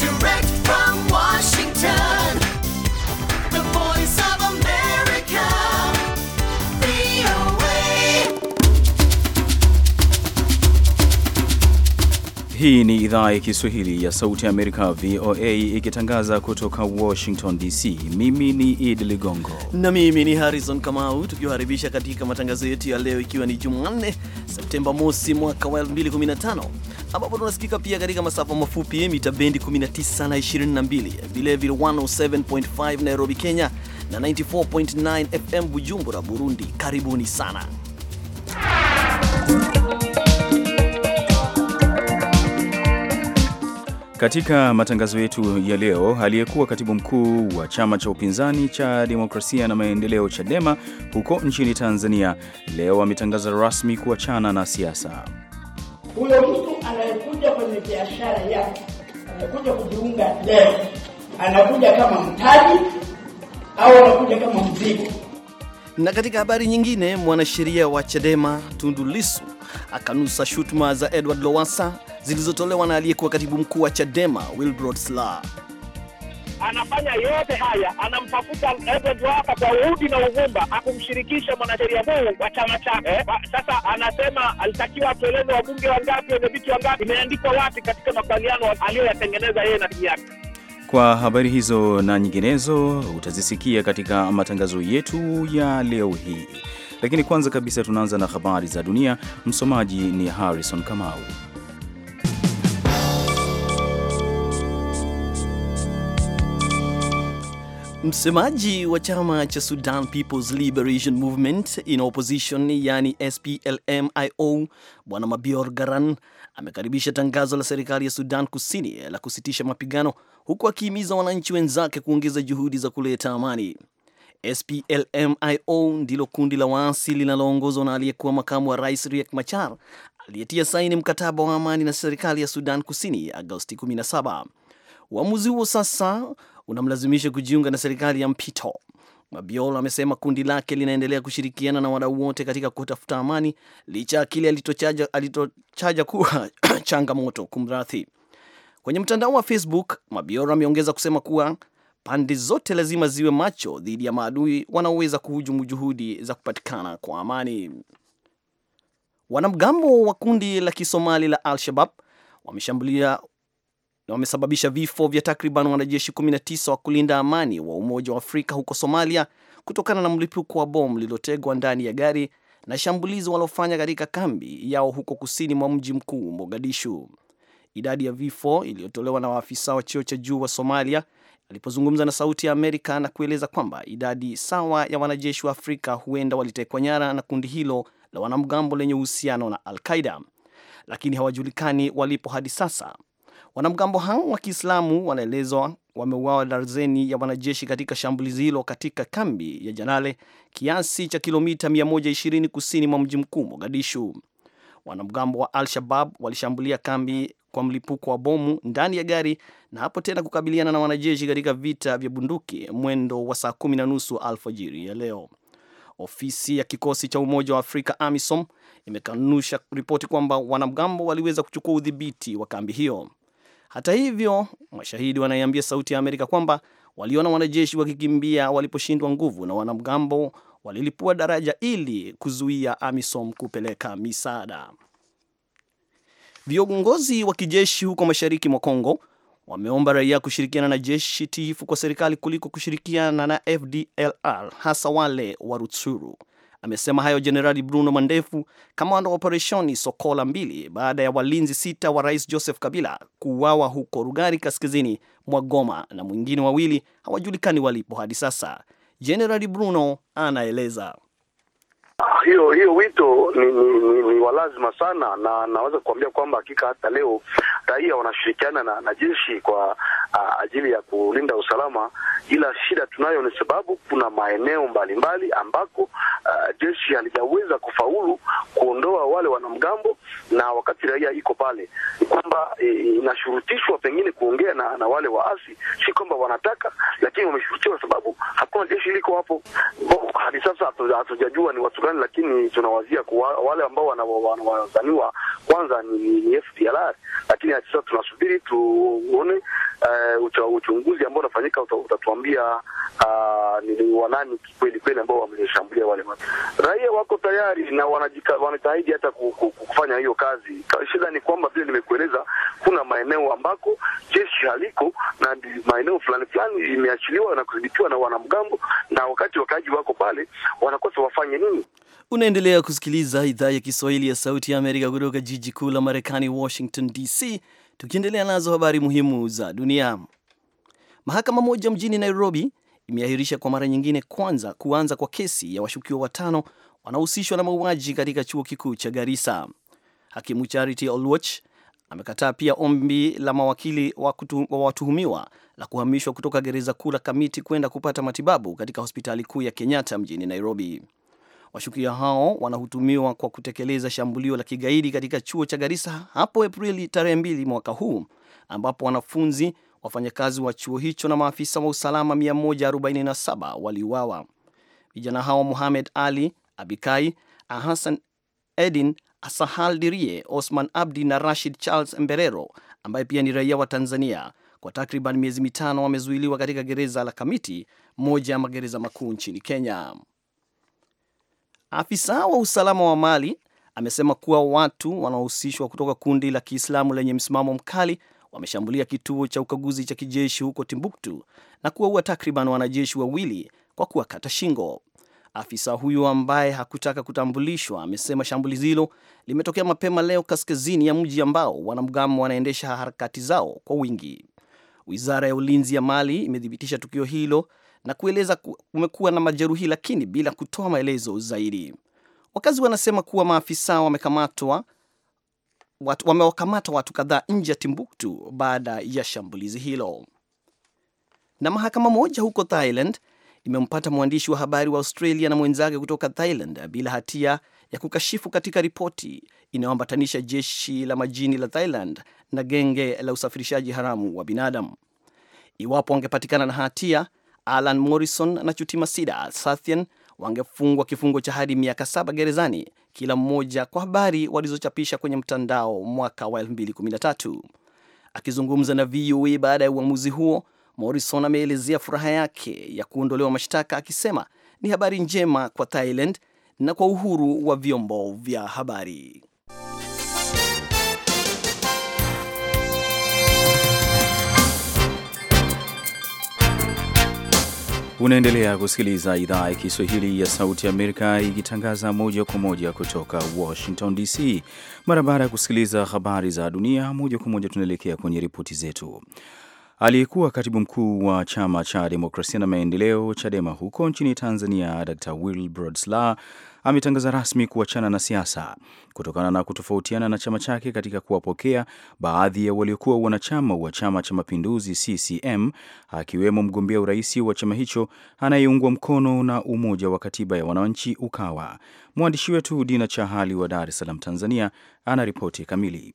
Direct from Washington. Hii ni idhaa ya Kiswahili ya Sauti ya Amerika, VOA, ikitangaza kutoka Washington DC. Mimi ni Idi Ligongo na mimi ni Harrison Kamau, tukiwakaribisha katika matangazo yetu ya leo, ikiwa ni Jumanne Septemba mosi mwaka wa 2015 ambapo tunasikika pia katika masafa mafupi mita bendi 19 na 22, vilevile 107.5 Nairobi, Kenya na 94.9 FM Bujumbura, Burundi. Karibuni sana Katika matangazo yetu ya leo, aliyekuwa katibu mkuu wa chama cha upinzani cha demokrasia na maendeleo Chadema huko nchini Tanzania leo ametangaza rasmi kuachana na siasa. Huyo mtu anayekuja kwenye biashara yake, anakuja kujiunga leo, anakuja kama mtaji au anakuja kama mzigo. Na katika habari nyingine, mwanasheria wa Chadema Tundu lisu akanusa shutuma za Edward Lowassa zilizotolewa na aliyekuwa katibu mkuu wa Chadema Wilbrod Slaa. Anafanya yote haya, anamtafuta Edward Lowassa kwa uhudi na uvumba, akumshirikisha mwanasheria mkuu wa chama chake eh. Sasa anasema alitakiwa atueleze wabunge wangapi, wenyeviti wangapi, imeandikwa wapi katika makubaliano aliyoyatengeneza yeye na timu yake. Kwa habari hizo na nyinginezo utazisikia katika matangazo yetu ya leo hii, lakini kwanza kabisa tunaanza na habari za dunia. Msomaji ni Harrison Kamau. Msemaji wa chama cha Sudan People's Liberation Movement in Opposition, yani splmio Bwana Mabior Garan amekaribisha tangazo la serikali ya Sudan Kusini la kusitisha mapigano huku akihimiza wananchi wenzake kuongeza juhudi za kuleta amani. splmio ndilo kundi la waasi linaloongozwa na aliyekuwa makamu wa rais Riek Machar aliyetia saini mkataba wa amani na serikali ya Sudan Kusini Agosti 17. Uamuzi huo sasa unamlazimisha kujiunga na serikali ya mpito. Mabiol amesema kundi lake linaendelea kushirikiana na wadau wote katika kutafuta amani licha ya kile alitochaja, alitochaja kuwa changamoto. Kumradhi. Kwenye mtandao wa Facebook, Mabiolo ameongeza kusema kuwa pande zote lazima ziwe macho dhidi ya maadui wanaoweza kuhujumu juhudi za kupatikana kwa amani. Wanamgambo wa kundi la Kisomali la Al-Shabab wameshambulia na wamesababisha vifo vya takriban wanajeshi 19 wa kulinda amani wa Umoja wa Afrika huko Somalia kutokana na mlipuko wa bomu lililotegwa ndani ya gari na shambulizi walofanya katika kambi yao huko kusini mwa mji mkuu Mogadishu. Idadi ya vifo iliyotolewa na waafisa wa cheo cha juu wa Somalia alipozungumza na Sauti ya Amerika na kueleza kwamba idadi sawa ya wanajeshi wa Afrika huenda walitekwa nyara na kundi hilo la wanamgambo lenye uhusiano na Al Qaida, lakini hawajulikani walipo hadi sasa, Wanamgambo hao wa Kiislamu wanaelezwa wameuawa darzeni ya wanajeshi katika shambulizi hilo katika kambi ya Janale, kiasi cha kilomita 120 kusini mwa mji mkuu Mogadishu. Wanamgambo wa Al-Shabab walishambulia kambi kwa mlipuko wa bomu ndani ya gari na hapo tena kukabiliana na wanajeshi katika vita vya bunduki mwendo wa saa kumi na nusu alfajiri ya leo. Ofisi ya kikosi cha Umoja wa Afrika AMISOM imekanusha ripoti kwamba wanamgambo waliweza kuchukua udhibiti wa kambi hiyo. Hata hivyo, mashahidi wanaiambia Sauti ya Amerika kwamba waliona wanajeshi wakikimbia waliposhindwa nguvu na wanamgambo walilipua daraja ili kuzuia AMISOM kupeleka misaada. Viongozi wa kijeshi huko mashariki mwa Kongo wameomba raia kushirikiana na jeshi tiifu kwa serikali kuliko kushirikiana na FDLR hasa wale wa Rutshuru. Amesema hayo Jenerali Bruno Mandefu, kamanda wa operesheni Sokola mbili baada ya walinzi sita wa rais Joseph Kabila kuuawa huko Rugari, kaskazini mwa Goma, na mwingine wawili hawajulikani walipo hadi sasa. Jenerali Bruno anaeleza hiyo hiyo wito ni, ni, ni, ni wa lazima sana, na naweza kuambia kwamba hakika hata leo raia wanashirikiana na, na jeshi kwa a, ajili ya kulinda usalama, ila shida tunayo ni sababu kuna maeneo mbalimbali ambako a, jeshi halijaweza kufaulu kuona wale wanamgambo, na wakati raia iko pale, kwamba e, inashurutishwa e, pengine kuongea na, na wale waasi, si kwamba wanataka, lakini wameshurutishwa sababu hakuna jeshi liko hapo. Hadi sasa hatujajua ni watu gani, lakini tunawazia kuwa wale ambao wanawazaniwa kwanza ni, ni FDLR, lakini hadi sasa tunasubiri tuone uh, uchunguzi ambao unafanyika utatuambia uh, ni wanani kweli kweli ambao wameshambulia wale watu. Raia wako tayari na wanajitahidi hata kufanya hiyo kazi. Shida ni kwamba vile nimekueleza, kuna maeneo ambako jeshi haliko na maeneo fulani fulani imeachiliwa na kudhibitiwa na wanamgambo, na wakati wakaaji wako pale wanakosa wafanye nini? Unaendelea kusikiliza idhaa ya Kiswahili ya Sauti ya Amerika kutoka jiji kuu la Marekani, Washington DC. Tukiendelea nazo habari muhimu za dunia, mahakama moja mjini Nairobi imeahirisha kwa mara nyingine kwanza kuanza kwa kesi ya washukiwa watano wanaohusishwa na mauaji katika chuo kikuu cha Garissa. Hakimu Charity Olwach amekataa pia ombi la mawakili wa watuhumiwa la kuhamishwa kutoka gereza kuu la Kamiti kwenda kupata matibabu katika hospitali kuu ya Kenyatta mjini Nairobi. Washukiwa hao wanahutumiwa kwa kutekeleza shambulio la kigaidi katika chuo cha Garissa hapo Aprili tarehe mbili mwaka huu ambapo wanafunzi, wafanyakazi wa chuo hicho na maafisa wa usalama 147 waliuawa. Vijana hao muhamed Ali, Abikai, Ahasan Edin, Asahal Dirie, Osman Abdi na Rashid Charles Mberero ambaye pia ni raia wa Tanzania kwa takriban miezi mitano wamezuiliwa katika gereza la Kamiti, moja ya magereza makuu nchini Kenya. Afisa wa usalama wa Mali amesema kuwa watu wanaohusishwa kutoka kundi la Kiislamu lenye msimamo mkali wameshambulia kituo cha ukaguzi cha kijeshi huko Timbuktu na kuwaua takriban wanajeshi wawili kwa kuwakata shingo. Afisa huyo ambaye hakutaka kutambulishwa amesema shambulizi hilo limetokea mapema leo kaskazini ya mji ambao wanamgambo wanaendesha harakati zao kwa wingi. Wizara ya ulinzi ya Mali imethibitisha tukio hilo na kueleza kumekuwa na majeruhi, lakini bila kutoa maelezo zaidi. Wakazi wanasema kuwa maafisa wamekamatwa watu, wamewakamata watu kadhaa nje ya Timbuktu baada ya shambulizi hilo. Na mahakama moja huko Thailand imempata mwandishi wa habari wa Australia na mwenzake kutoka Thailand bila hatia ya kukashifu katika ripoti inayoambatanisha jeshi la majini la Thailand na genge la usafirishaji haramu wa binadamu. Iwapo wangepatikana na hatia, Alan Morrison na Chutimacida Sathian wangefungwa kifungo cha hadi miaka saba gerezani kila mmoja kwa habari walizochapisha kwenye mtandao mwaka wa 2013. Akizungumza na VOA baada ya uamuzi huo, Morrison ameelezea furaha yake ya kuondolewa mashtaka akisema ni habari njema kwa Thailand na kwa uhuru wa vyombo vya habari. Unaendelea kusikiliza idhaa ya Kiswahili ya Sauti ya Amerika ikitangaza moja kwa moja kutoka Washington DC. Mara baada ya kusikiliza habari za dunia moja kwa moja, tunaelekea kwenye ripoti zetu. Aliyekuwa katibu mkuu wa chama cha demokrasia na maendeleo, CHADEMA, huko nchini Tanzania, Dr Wilbrod Slaa ametangaza rasmi kuachana na siasa kutokana na kutofautiana na chama chake katika kuwapokea baadhi ya waliokuwa wanachama wa Chama cha Mapinduzi CCM, akiwemo mgombea urais wa chama hicho anayeungwa mkono na Umoja wa Katiba ya Wananchi Ukawa. Mwandishi wetu Dina Chahali wa Dar es Salaam, Tanzania, ana ripoti kamili.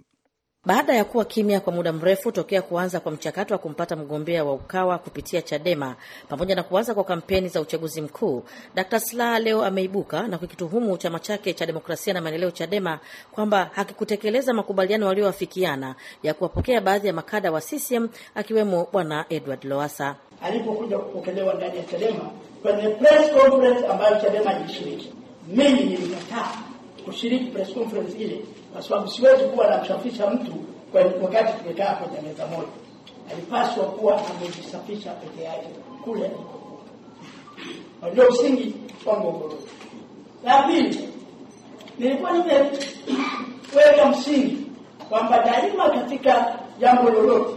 Baada ya kuwa kimya kwa muda mrefu tokea kuanza kwa mchakato wa kumpata mgombea wa Ukawa kupitia Chadema pamoja na kuanza kwa kampeni za uchaguzi mkuu, Dkt. Slaa leo ameibuka na kukituhumu chama chake cha Demokrasia na Maendeleo Chadema kwamba hakikutekeleza makubaliano walioafikiana ya kuwapokea baadhi ya makada wa CCM akiwemo Bwana Edward Lowassa. Alipokuja kupokelewa ndani ya Chadema kwenye press conference ambayo Chadema ilishiriki, mimi nilikataa kushiriki press conference ile kwa sababu siwezi kuwa namsafisha mtu wakati tumekaa kwenye meza moja. Alipaswa kuwa amejisafisha peke yake kule alikokuwa. Ndio msingi wa ngongoro. La pili, nilikuwa nimeweka msingi kwamba daima katika jambo lolote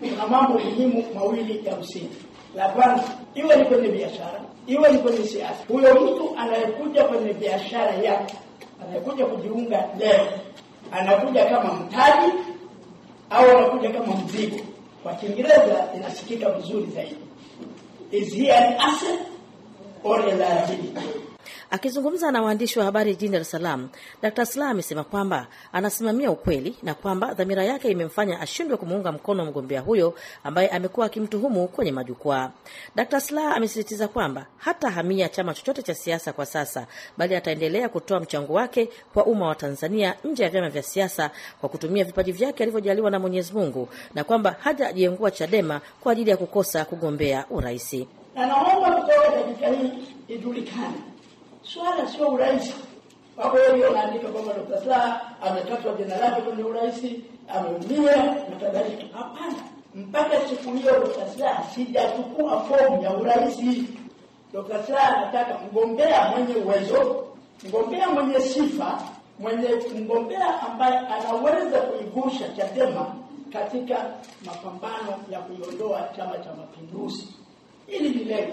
kuna mambo muhimu mawili ya msingi. La kwanza, iwe ni kwenye biashara, iwe ni kwenye siasa, huyo mtu anayekuja kwenye biashara yake anakuja kujiunga leo, anakuja kama mtaji au anakuja kama mzigo. Kwa Kiingereza inasikika vizuri zaidi, is he an asset or a liability? Akizungumza na waandishi wa habari jijini Dar es Salaam, Dr. Slaa amesema kwamba anasimamia ukweli na kwamba dhamira yake imemfanya ashindwe kumuunga mkono mgombea huyo ambaye amekuwa akimtuhumu kwenye majukwaa. Dr. Slaa amesisitiza kwamba hata hamia chama chochote cha siasa kwa sasa, bali ataendelea kutoa mchango wake kwa umma wa Tanzania nje ya vyama vya siasa kwa kutumia vipaji vyake alivyojaliwa na Mwenyezi Mungu, na kwamba hajajiengua Chadema kwa ajili ya kukosa kugombea uraisi. Na naomba kutoa dakika hii ijulikane swala sio urahisi Hapo hiyo naandika kwamba Dr. Slaa amekatwa jina lake kwenye urahisi ameumia na kadhalika. Hapana, mpaka siku hiyo Dr. Slaa sijachukua fomu ya urahisi Dr. Slaa anataka mgombea mwenye uwezo, mgombea mwenye sifa, mwenye mgombea ambaye anaweza kuivusha Chadema katika mapambano ya kuiondoa Chama cha Mapinduzi. Hili ni lengo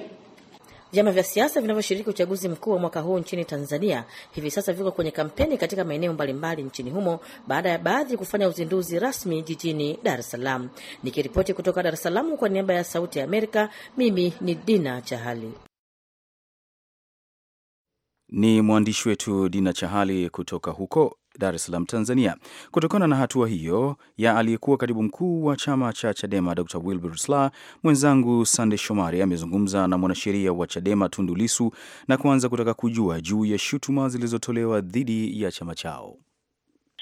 Vyama vya siasa vinavyoshiriki uchaguzi mkuu wa mwaka huu nchini Tanzania hivi sasa viko kwenye kampeni katika maeneo mbalimbali nchini humo baada ya baadhi kufanya uzinduzi rasmi jijini Dar es Salaam. Nikiripoti kutoka Dar es Salaam kwa niaba ya Sauti ya Amerika, mimi ni Dina Chahali. Ni mwandishi wetu Dina Chahali kutoka huko Dar es Salaam, Tanzania. Kutokana na hatua hiyo ya aliyekuwa katibu mkuu wa chama cha Chadema Dr. wilbrsla Sla, mwenzangu Sande Shomari amezungumza na mwanasheria wa Chadema Tundu Lisu na kuanza kutaka kujua juu ya shutuma zilizotolewa dhidi ya chama chao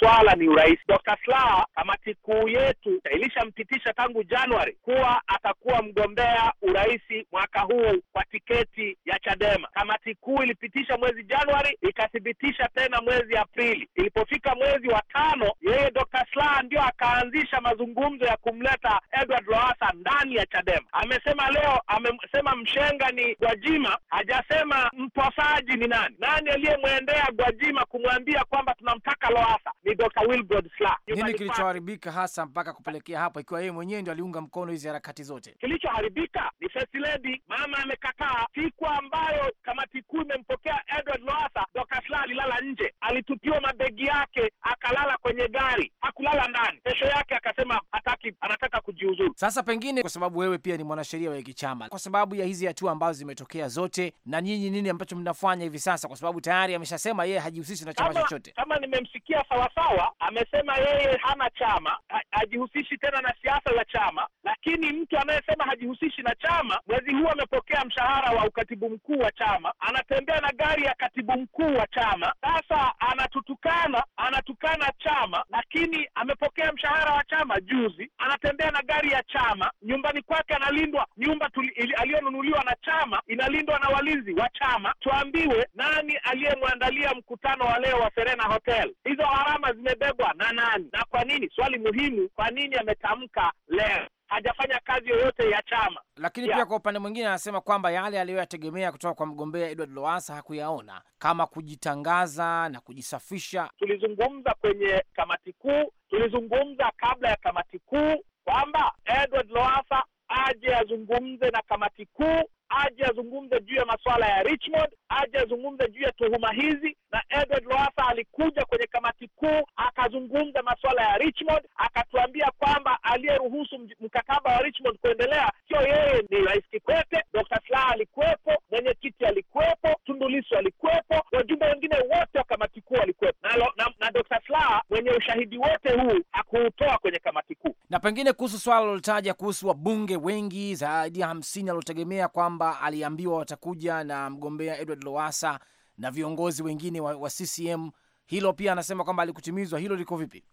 swala ni urais. Dr. Slaa, kamati kuu yetu ilishampitisha tangu Januari kuwa atakuwa mgombea urais mwaka huu kwa tiketi ya Chadema. Kamati kuu ilipitisha mwezi Januari, ikathibitisha tena mwezi Aprili. Ilipofika mwezi wa tano, yeye Dr. Slaa ndio akaanzisha mazungumzo ya kumleta Edward Lowassa ndani ya Chadema. Amesema leo, amesema mshenga ni Gwajima, hajasema mposaji ni nani. Nani aliyemwendea Gwajima kumwambia kwamba tunamtaka Lowassa? Ni Wilbrod Nini kilichoharibika hasa mpaka kupelekea hapo, ikiwa yeye mwenyewe ndio aliunga mkono hizi harakati zote? Kilichoharibika ni First Lady, mama amekataa. Siku ambayo kamati kuu imempokea Edward Loasa, Dr. alilala nje, alitupiwa mabegi yake, akalala kwenye gari, hakulala ndani. Kesho yake akasema hataki, anataka kujiuzuru. Sasa pengine kwa sababu wewe pia ni mwanasheria wa hiki kwa sababu ya hizi hatua ambazo zimetokea zote, na nyinyi nini ambacho mnafanya hivi sasa, kwa sababu tayari ameshasema yeye hajihusishi na chama chochote? Kama nimemsikia sawasawa sawa, amesema yeye hana chama, hajihusishi tena na siasa za chama, lakini mtu anayesema hajihusishi na chama, mwezi huu amepokea mshahara wa ukatibu mkuu wa chama, anatembea na gari ya katibu mkuu wa chama. Sasa anatutukana anatukana chama, lakini amepokea mshahara wa chama juzi, anatembea na gari ya chama, nyumbani kwake analindwa, nyumba aliyonunuliwa na chama inalindwa na walinzi wa chama. Tuambiwe nani aliyemwandalia mkutano wa leo wa Serena Hotel? Hizo gharama zimebebwa na nani na kwa nini? Swali muhimu, kwa nini ametamka leo? hajafanya kazi yoyote ya chama. Lakini yeah, pia kwa upande mwingine anasema kwamba yale aliyoyategemea kutoka kwa mgombea Edward loasa hakuyaona kama kujitangaza na kujisafisha. Tulizungumza kwenye kamati kuu, tulizungumza kabla ya kamati kuu kwamba Edward loasa aje azungumze na kamati kuu, aje azungumze juu ya masuala ya Richmond, aje azungumze juu ya tuhuma hizi na Edward loasa alikuja kwenye kamati kuu akazungumza masuala ya Richmond, akatuambia kwamba aliyeruhusu mkataba wa Richmond kuendelea sio yeye, ni Rais Kikwete. Dr. Slaa alikuwepo, mwenyekiti alikuwepo, Tundu Lissu alikuwepo, wajumbe wengine wote wa kamati kuu walikuwepo na, na, na Dr. Slaa mwenye ushahidi wote huu akuutoa kwenye kamati kuu. Na pengine kuhusu swala lilotaja kuhusu wabunge wengi zaidi ya hamsini alilotegemea kwamba aliambiwa watakuja na mgombea Edward Lowasa na viongozi wengine wa, wa CCM hilo pia anasema kwamba alikutimizwa hilo. Liko vipi?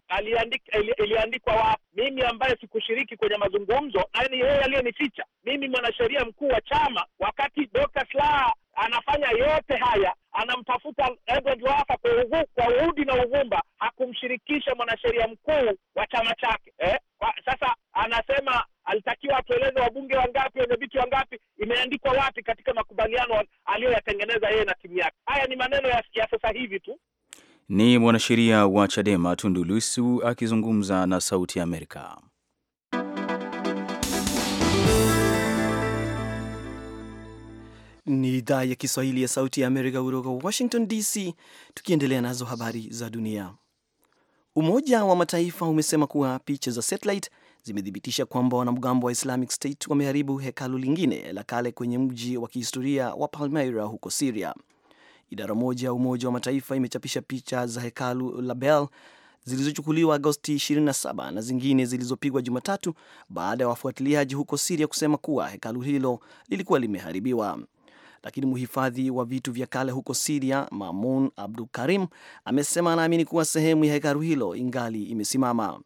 Iliandikwa wa Mimi ambaye sikushiriki kwenye mazungumzo, yaani yeye aliyenificha mimi, mwanasheria mkuu wa chama, wakati Dr. Slaa anafanya yote haya, anamtafuta Edward Lowassa kwa uhudi na uvumba, hakumshirikisha mwanasheria mkuu wa chama chake eh? Kwa, sasa anasema alitakiwa atueleze wabunge wangapi, wenyeviti wangapi, imeandikwa wapi katika makubaliano aliyoyatengeneza yeye na timu yake. Haya ni maneno ya, ya sasa hivi tu. Ni mwanasheria wa Chadema Tundu Lissu akizungumza na Sauti ya Amerika. Ni idhaa ya Kiswahili ya Sauti ya Amerika kutoka Washington DC, tukiendelea nazo habari za dunia. Umoja wa Mataifa umesema kuwa picha za satellite zimethibitisha kwamba wanamgambo wa Islamic State wameharibu hekalu lingine la kale kwenye mji wa kihistoria wa Palmyra huko Siria. Idara moja ya Umoja wa Mataifa imechapisha picha za hekalu la Bel zilizochukuliwa Agosti 27 na zingine zilizopigwa Jumatatu baada ya wafuatiliaji huko Siria kusema kuwa hekalu hilo lilikuwa limeharibiwa lakini mhifadhi wa vitu vya kale huko Siria, Mamun Abdul Karim, amesema anaamini kuwa sehemu ya hekalu hilo ingali imesimama.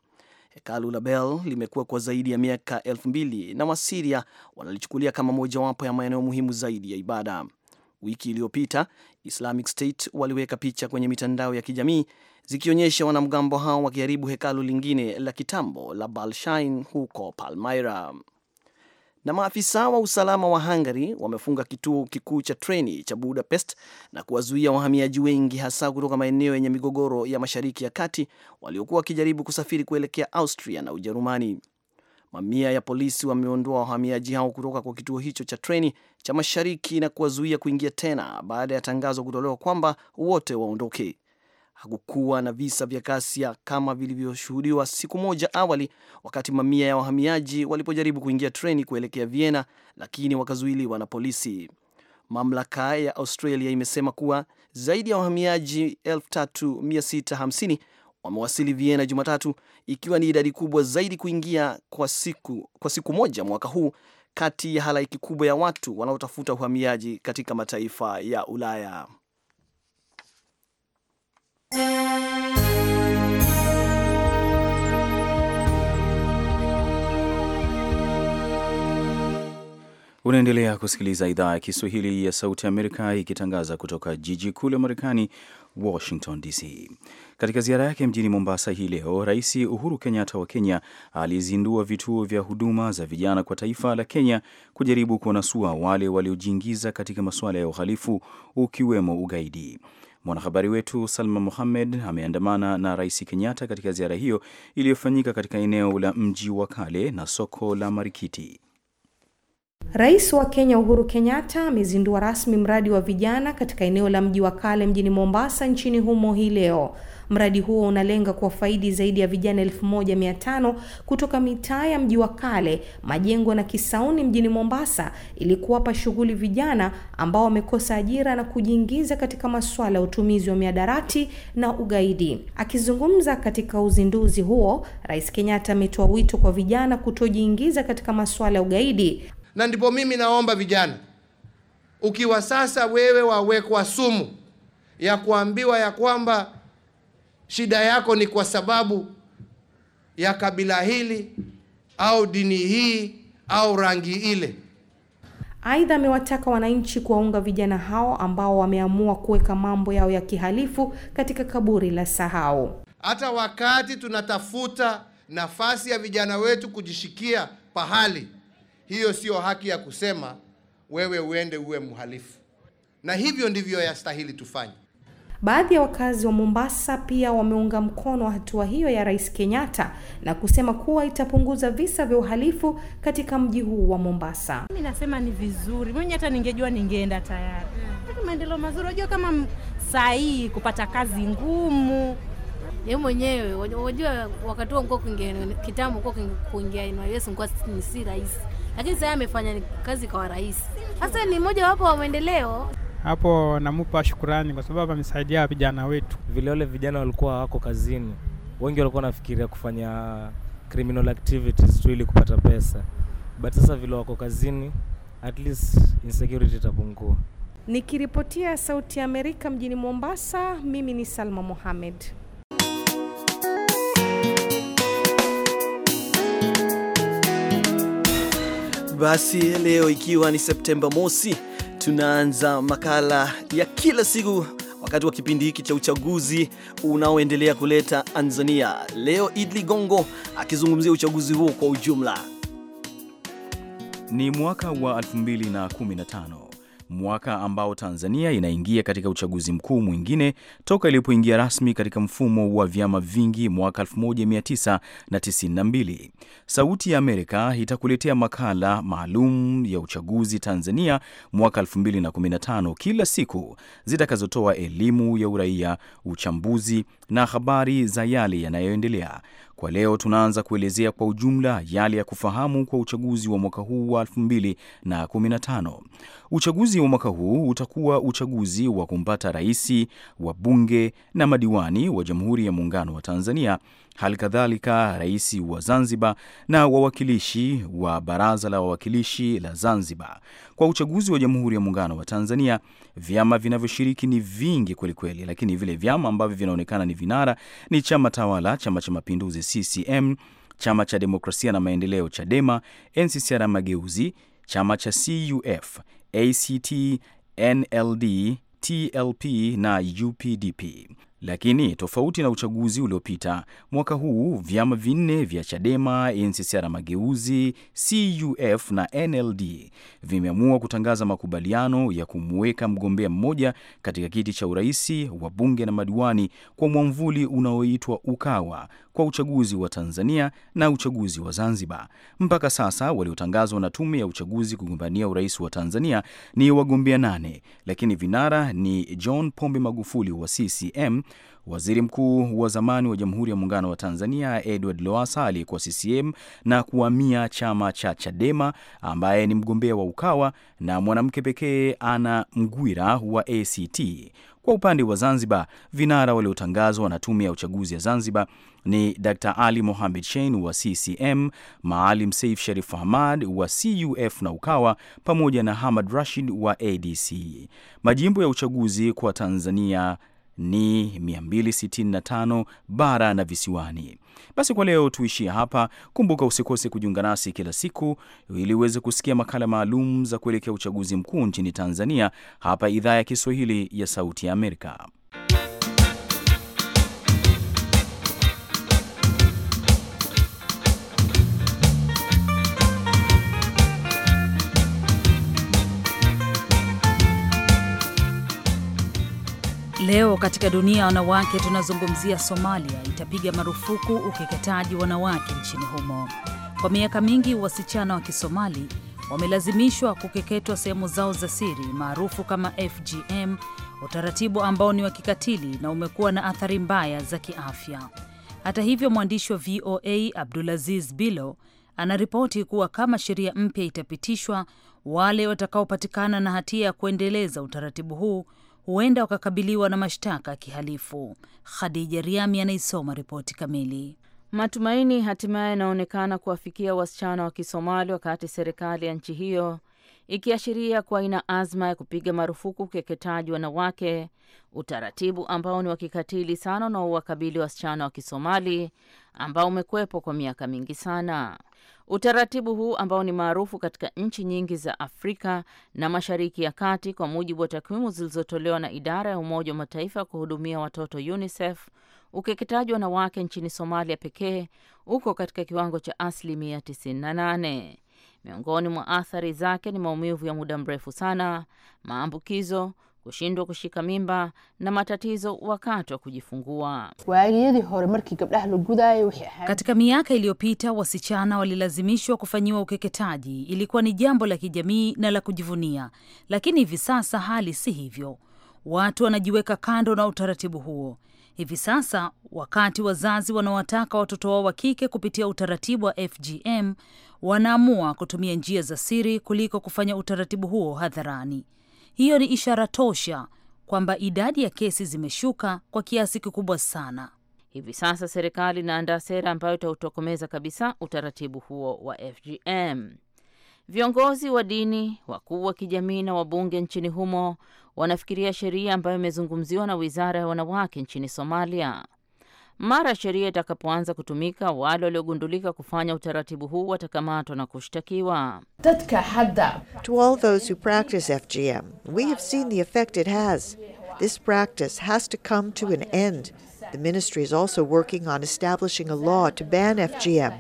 Hekalu la Bel limekuwa kwa zaidi ya miaka elfu mbili na Wasiria wanalichukulia kama mojawapo ya maeneo muhimu zaidi ya ibada. Wiki iliyopita Islamic State waliweka picha kwenye mitandao ya kijamii zikionyesha wanamgambo hao wakiharibu hekalu lingine la kitambo la Balshain huko Palmyra na maafisa wa usalama wa Hungary wamefunga kituo kikuu cha treni cha Budapest na kuwazuia wahamiaji wengi hasa kutoka maeneo yenye migogoro ya Mashariki ya Kati waliokuwa wakijaribu kusafiri kuelekea Austria na Ujerumani. Mamia ya polisi wameondoa wahamiaji hao kutoka kwa kituo hicho cha treni cha Mashariki na kuwazuia kuingia tena baada ya tangazo kutolewa kwamba wote waondoke hakukuwa na visa vya ghasia kama vilivyoshuhudiwa siku moja awali wakati mamia ya wahamiaji walipojaribu kuingia treni kuelekea Vienna lakini wakazuiliwa na polisi. Mamlaka ya Australia imesema kuwa zaidi ya wahamiaji 3650 wamewasili Vienna Jumatatu, ikiwa ni idadi kubwa zaidi kuingia kwa siku, kwa siku moja mwaka huu kati ya halaiki kubwa ya watu wanaotafuta uhamiaji katika mataifa ya Ulaya. Unaendelea kusikiliza idhaa ya Kiswahili ya Sauti Amerika ikitangaza kutoka jiji kuu la Marekani, Washington DC. Katika ziara yake mjini Mombasa hii leo, Rais Uhuru Kenyatta wa Kenya alizindua vituo vya huduma za vijana kwa taifa la Kenya kujaribu kuwanasua wale waliojiingiza katika masuala ya uhalifu ukiwemo ugaidi. Mwanahabari wetu Salma muhammed ameandamana na Rais Kenyatta katika ziara hiyo iliyofanyika katika eneo la mji wa kale na soko la Marikiti. Rais wa Kenya Uhuru Kenyatta amezindua rasmi mradi wa vijana katika eneo la mji wa kale mjini Mombasa nchini humo hii leo. Mradi huo unalenga kuwafaidi zaidi ya vijana 1500 kutoka mitaa ya mji wa kale, Majengo na Kisauni mjini Mombasa ili kuwapa shughuli vijana ambao wamekosa ajira na kujiingiza katika masuala ya utumizi wa miadarati na ugaidi. Akizungumza katika uzinduzi huo, Rais Kenyatta ametoa wito kwa vijana kutojiingiza katika masuala ya ugaidi na ndipo mimi naomba vijana, ukiwa sasa wewe wawekwa sumu ya kuambiwa ya kwamba shida yako ni kwa sababu ya kabila hili au dini hii au rangi ile. Aidha, amewataka wananchi kuwaunga vijana hao ambao wameamua kuweka mambo yao ya kihalifu katika kaburi la sahau. Hata wakati tunatafuta nafasi ya vijana wetu kujishikia pahali hiyo sio haki ya kusema wewe uende uwe mhalifu, na hivyo ndivyo yastahili tufanye. Baadhi ya wakazi wa Mombasa pia wameunga mkono hatua hiyo ya Rais Kenyatta na kusema kuwa itapunguza visa vya uhalifu katika mji huu wa Mombasa. Mimi nasema ni vizuri, mimi hata ningejua ningeenda tayari. Hmm, Maendeleo mazuri, unajua kama saa hii kupata kazi ngumu yeye mwenyewe unajua, wakati huo mko kuingia kitambo, mko kuingia Yesu, ni si rahisi lakini sasa amefanya kazi kwa rais, sasa ni mmoja wapo wa maendeleo hapo. Namupa shukurani kwa sababu amesaidia vijana wetu. Vile wale vijana walikuwa wako kazini, wengi walikuwa wanafikiria kufanya criminal activities tu ili kupata pesa, but sasa vile wako kazini, at least insecurity itapungua. Nikiripotia Sauti ya Amerika mjini Mombasa, mimi ni Salma Mohamed. basi leo ikiwa ni Septemba mosi, tunaanza makala ya kila siku wakati wa kipindi hiki cha uchaguzi unaoendelea kuleta Tanzania. Leo Idli Gongo akizungumzia uchaguzi huo kwa ujumla. Ni mwaka wa 2015 mwaka ambao Tanzania inaingia katika uchaguzi mkuu mwingine toka ilipoingia rasmi katika mfumo wa vyama vingi mwaka 1992. Sauti ya Amerika itakuletea makala maalum ya uchaguzi Tanzania mwaka 2015 kila siku zitakazotoa elimu ya uraia, uchambuzi na habari za yale yanayoendelea. Kwa leo tunaanza kuelezea kwa ujumla yale ya kufahamu kwa uchaguzi wa mwaka huu wa 2015. Uchaguzi wa mwaka huu utakuwa uchaguzi wa kumpata rais, wabunge na madiwani wa Jamhuri ya Muungano wa Tanzania, hali kadhalika rais wa Zanzibar na wawakilishi wa Baraza la Wawakilishi la Zanzibar. Kwa uchaguzi wa Jamhuri ya Muungano wa Tanzania, vyama vinavyoshiriki ni vingi kwelikweli, lakini vile vyama ambavyo vinaonekana ni ni vinara ni chama tawala, Chama cha Mapinduzi CCM, Chama cha Demokrasia na Maendeleo CHADEMA, NCCR Mageuzi, chama cha CUF, ACT, NLD, TLP na UPDP. Lakini tofauti na uchaguzi uliopita, mwaka huu vyama vinne vya Chadema, NCCR Mageuzi, CUF na NLD vimeamua kutangaza makubaliano ya kumweka mgombea mmoja katika kiti cha uraisi wa bunge na madiwani kwa mwamvuli unaoitwa Ukawa kwa uchaguzi wa Tanzania na uchaguzi wa Zanzibar. Mpaka sasa waliotangazwa na tume ya uchaguzi kugombania urais wa Tanzania ni wagombea nane, lakini vinara ni John Pombe Magufuli wa CCM, waziri mkuu wa zamani wa Jamhuri ya Muungano wa Tanzania Edward Lowassa aliyekuwa CCM na kuhamia chama cha Chadema, ambaye ni mgombea wa Ukawa, na mwanamke pekee Anna Mghwira wa ACT. Kwa upande wa Zanzibar, vinara waliotangazwa na tume ya uchaguzi ya Zanzibar ni Dr Ali Mohamed Shein wa CCM, Maalim Seif Sharif Hamad wa CUF na Ukawa, pamoja na Hamad Rashid wa ADC. Majimbo ya uchaguzi kwa Tanzania ni 265 bara na visiwani. Basi kwa leo tuishie hapa. Kumbuka usikose kujiunga nasi kila siku ili uweze kusikia makala maalum za kuelekea uchaguzi mkuu nchini Tanzania hapa idhaa ya Kiswahili ya Sauti ya Amerika. Leo katika dunia ya wanawake tunazungumzia Somalia itapiga marufuku ukeketaji wanawake nchini humo. Kwa miaka mingi wasichana wa Kisomali wamelazimishwa kukeketwa sehemu zao za siri maarufu kama FGM, utaratibu ambao ni wa kikatili na umekuwa na athari mbaya za kiafya. Hata hivyo, mwandishi wa VOA Abdulaziz Bilo anaripoti kuwa kama sheria mpya itapitishwa, wale watakaopatikana na hatia ya kuendeleza utaratibu huu huenda wakakabiliwa na mashtaka ya kihalifu. Khadija Riami anaisoma ripoti kamili. Matumaini hatimaye yanaonekana kuwafikia wasichana wa Kisomali wakati serikali ya nchi hiyo ikiashiria kuwa ina azma ya kupiga marufuku ukeketaji wanawake, utaratibu ambao ni wa kikatili sana unaowakabili wasichana wa Kisomali ambao umekwepo kwa miaka mingi sana. Utaratibu huu ambao ni maarufu katika nchi nyingi za Afrika na Mashariki ya Kati, kwa mujibu wa takwimu zilizotolewa na idara ya Umoja wa Mataifa ya kuhudumia watoto UNICEF, ukeketaji wanawake nchini Somalia pekee uko katika kiwango cha asilimia 98. Miongoni mwa athari zake ni maumivu ya muda mrefu sana, maambukizo, kushindwa kushika mimba na matatizo wakati wa kujifungua. Katika miaka iliyopita, wasichana walilazimishwa kufanyiwa ukeketaji. Ilikuwa ni jambo la kijamii na la kujivunia, lakini hivi sasa hali si hivyo. Watu wanajiweka kando na utaratibu huo. Hivi sasa, wakati wazazi wanawataka watoto wao wa kike kupitia utaratibu wa FGM, wanaamua kutumia njia za siri kuliko kufanya utaratibu huo hadharani. Hiyo ni ishara tosha kwamba idadi ya kesi zimeshuka kwa kiasi kikubwa sana. Hivi sasa serikali inaandaa sera ambayo itautokomeza kabisa utaratibu huo wa FGM. Viongozi wa dini, wakuu wa kijamii na wabunge nchini humo wanafikiria sheria ambayo imezungumziwa na wizara ya wanawake nchini Somalia. Mara sheria itakapoanza kutumika, wale waliogundulika kufanya utaratibu huu watakamatwa na kushtakiwa. To all those who practice FGM, we have seen the effect it has. This practice has to come to an end. The ministry is also working on establishing a law to ban FGM.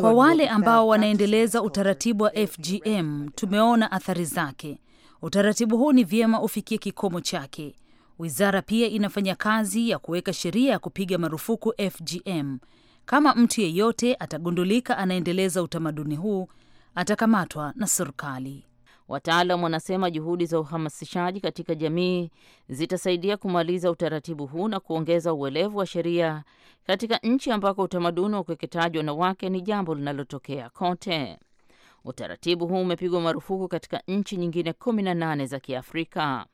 Kwa wale ambao wanaendeleza utaratibu wa FGM, tumeona athari zake. Utaratibu huu ni vyema ufikie kikomo chake. Wizara pia inafanya kazi ya kuweka sheria ya kupiga marufuku FGM. Kama mtu yeyote atagundulika anaendeleza utamaduni huu, atakamatwa na serikali. Wataalam wanasema juhudi za uhamasishaji katika jamii zitasaidia kumaliza utaratibu huu na kuongeza uelevu wa sheria katika nchi ambako utamaduni wa ukeketaji wanawake ni jambo linalotokea kote. Utaratibu huu umepigwa marufuku katika nchi nyingine 18 za Kiafrika.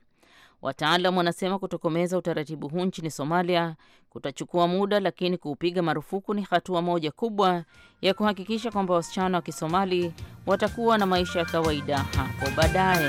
Wataalam wanasema kutokomeza utaratibu huu nchini Somalia kutachukua muda, lakini kuupiga marufuku ni hatua moja kubwa ya kuhakikisha kwamba wasichana wa Kisomali watakuwa na maisha ya kawaida hapo baadaye.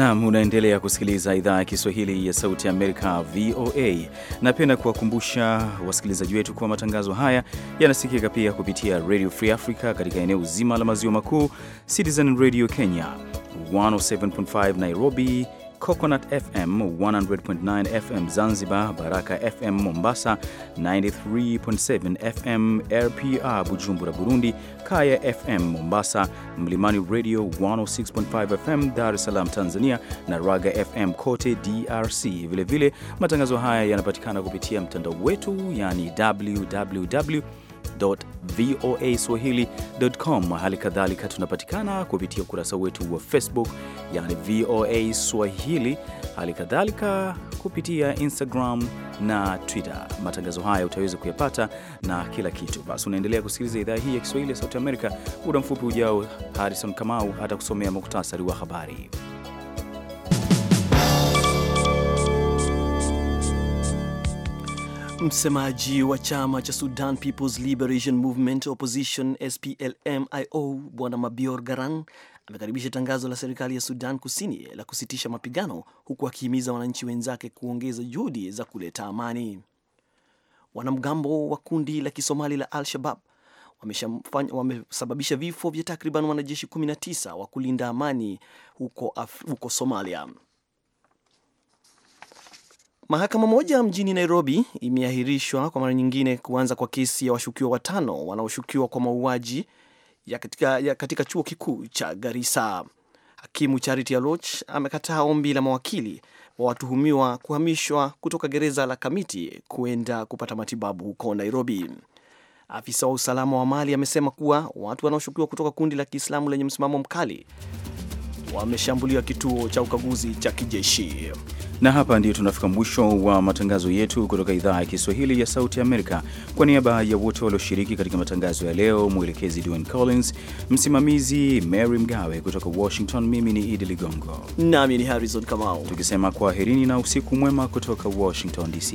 Naam, unaendelea kusikiliza idhaa ya Kiswahili ya Sauti ya Amerika, VOA. Napenda kuwakumbusha wasikilizaji wetu kuwa matangazo haya yanasikika pia kupitia Radio Free Africa katika eneo zima la maziwa makuu, Citizen Radio Kenya 107.5 Nairobi Coconut FM 100.9 FM Zanzibar, Baraka FM Mombasa 93.7 FM RPR Bujumbura Burundi, Kaya FM Mombasa, Mlimani Radio 106.5 FM Dar es Salaam Tanzania na Raga FM kote DRC. Vilevile vile, matangazo haya yanapatikana kupitia mtandao wetu yani www swahili.com. Hali kadhalika tunapatikana kupitia ukurasa wetu wa Facebook, yani VOA Swahili, hali kadhalika kupitia Instagram na Twitter. Matangazo haya utaweza kuyapata na kila kitu. Basi unaendelea kusikiliza idhaa hii ya Kiswahili ya Sauti Amerika. Muda mfupi ujao, Harrison Kamau atakusomea muktasari wa habari. Msemaji wa chama cha Sudan People's Liberation Movement Opposition SPLMIO Bwana Mabior Garang amekaribisha tangazo la serikali ya Sudan Kusini la kusitisha mapigano huku akihimiza wananchi wenzake kuongeza juhudi za kuleta amani. Wanamgambo wa kundi la Kisomali la Al-Shabab wamesababisha vifo vya takriban wanajeshi 19 wa kulinda amani huko, huko Somalia. Mahakama moja mjini Nairobi imeahirishwa kwa mara nyingine kuanza kwa kesi ya washukiwa watano wanaoshukiwa kwa mauaji ya katika, ya katika chuo kikuu cha Garissa. Hakimu Charity Aloch amekataa ombi la mawakili wa watuhumiwa kuhamishwa kutoka gereza la Kamiti kuenda kupata matibabu huko Nairobi. Afisa wa usalama wa Mali amesema kuwa watu wanaoshukiwa kutoka kundi la Kiislamu lenye msimamo mkali wameshambulia kituo cha ukaguzi cha kijeshi. Na hapa ndio tunafika mwisho wa matangazo yetu kutoka idhaa ya Kiswahili ya Sauti Amerika. Kwa niaba ya wote walioshiriki katika matangazo ya leo, mwelekezi Dwayne Collins, msimamizi Mary Mgawe kutoka Washington, mimi ni Idi Ligongo nami ni Harrison Kamau, tukisema kwaherini na usiku mwema kutoka Washington DC.